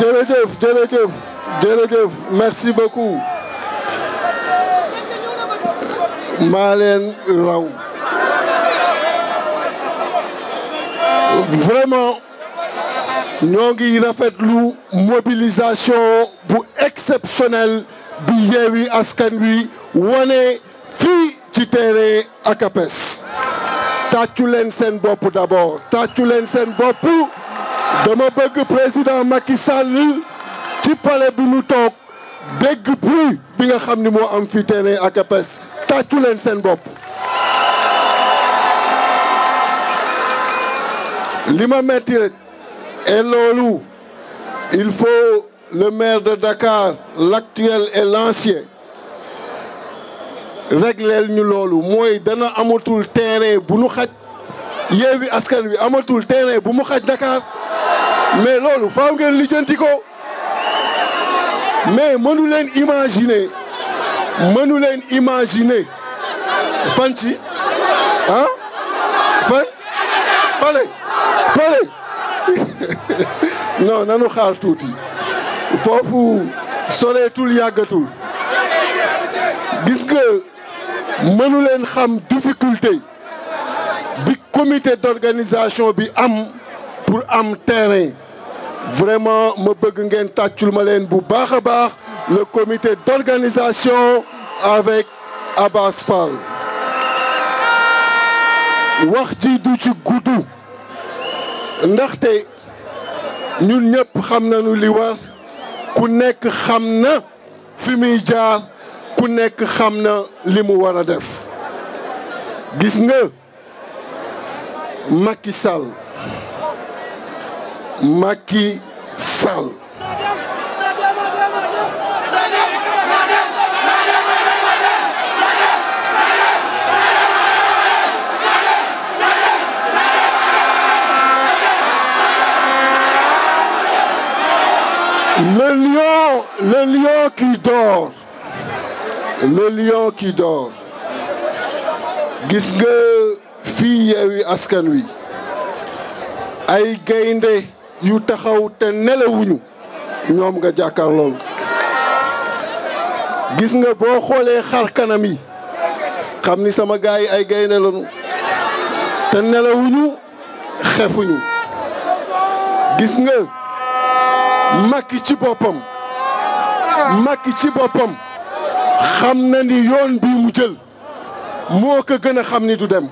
jërëjëf jërëjëf jërëjëf merci beaucoup maa raw vraiment ñoo ngi rafetlu mobilisation bu exceptionnelle bi Yewwi Askan Wi wane fii ci terrain ak APES tàccu leen seen bopp d'abord tàccu leen seen bopp dama bëgg président Macky Sall ci palais bi mu toog dégg bruit bi nga xam ni moo am fi terrain ak APS tàccu leen seen bopp. li ma metti rek et loolu il faut le maire de Dakar l'actuel et l'ancien régleel ñu loolu mooy dana amatul terrain bu nu xaj Yewwi Askan Wi amatul téere bu mu xaj Dakar. mais loolu faaw ngeen lijjanti ko mais mënu leen imaginer mënu leen imaginer fan ci ah fan pale pale non nanu xaar tuuti foofu soreetul yàggatul gis nga mënu leen xam difficulté bi comité d'organisation bi am pour am terrain vraiment ma bëgg ngeen tàccul ma leen bu baax a baax le comité d'organisation avec Abbas Fall wax ji du ci gudd ndaxte ñu ñëpp xam nañu li war ku nekk xam na fi muy jaar ku nekk xam na li mu war a def gis nga Macky Sall Macky Sall. Le lion, le lion qui dort. Le lion gis nga fii Yewwi Askan Wi ay gaynde yu taxaw te nelawuñu ñoom nga jàkkaar loolu gis nga boo xoolee xar kanam yi xam ni sama gars yi ay gaynde lañu te nelawuñu xefuñu gis nga Macky ci boppam Macky ci boppam xam na ni yoon bi mu jël moo ko gën a xam ni du dem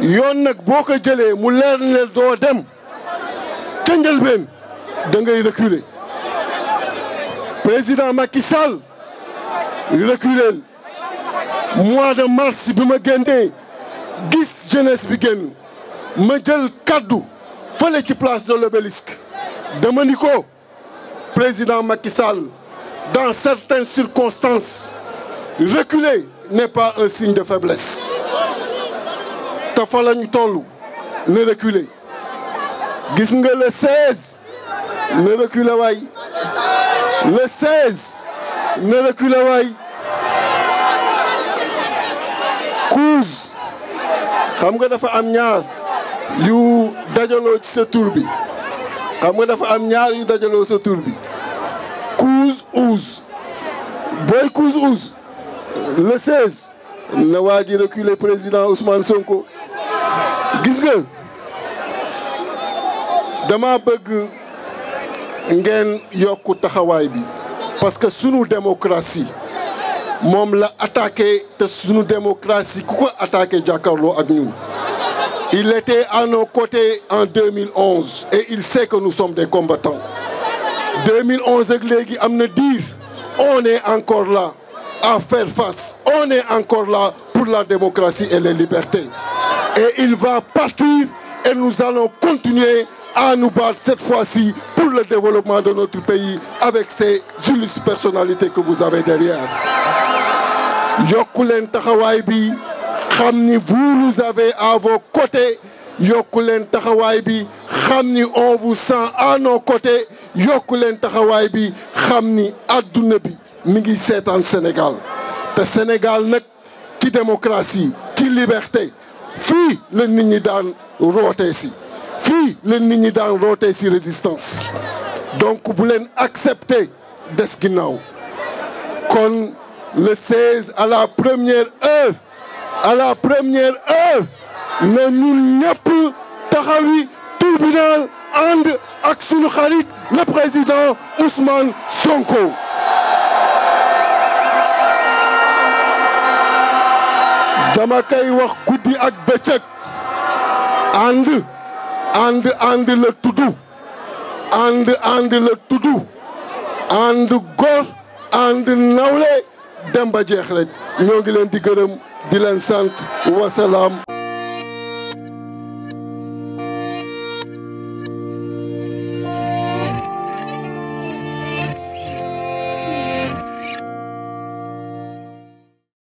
yoon nag boo ko jëlee mu leer ne doo dem ca njëlbeen da ngay président Macky Sall reculer mois de mars bi ma génnee gis jeunesse bi génn ma jël kaddu fële ci place de l'obélisque dama ni ko président Macky Sall dans certaines circonstances reculer n'est pas un signe de faiblesse te fa la ñu gis nga le 16 ne recule waay le 16 ne recule waay kuus xam nga dafa am ñaar yu dajaloo ci sa tur bi xam nga dafa am ñaar yu sa tur bi kuus uus booy kuus uus le 16 na waa ji reculer président Ousmane Sonko gis nga dama bëgg ngeen yokk taxawaay bi parce que sunu démocratie moom la attaqué te sunu démocratie ku ko attaque jàkkaarloo ak ñun il était à nos côtés en 2011 et il sait que nous sommes des combattants 2011 ak léegi am na diir on est encore là à faire face on est encore là pour la démocratie et les libertés et il va partir et nous allons continuer à nous battre cette fois-ci pour le développement de notre pays avec ces illustres personnalités que vous avez derrière. yokku leen taxawaay bi xam ni vous nous avez à vos côtés yokku leen taxawaay bi xam ni on vous sent à nos yokku leen taxawaay bi xam ni adduna bi mi ngi seetaan Sénégal te Sénégal nag ci démocratie ci liberté fii la nit ñi daan rootee si. fii leen nit ñi daan rootee ci résistance donc bu leen accepter des ginnaaw kon le 16 à la première heure à la première heure na ñun ñëpp taxawi tribunal ànd ak sunu xarit le président Ousmane Sonko. dama koy wax guddi ak bëccëg ànd ànd la tuddu ànd ànd la tuddu ànd góor ànd nawle dem ba jeex rek ñoo ngi leen di gërëm di leen sant wasalaam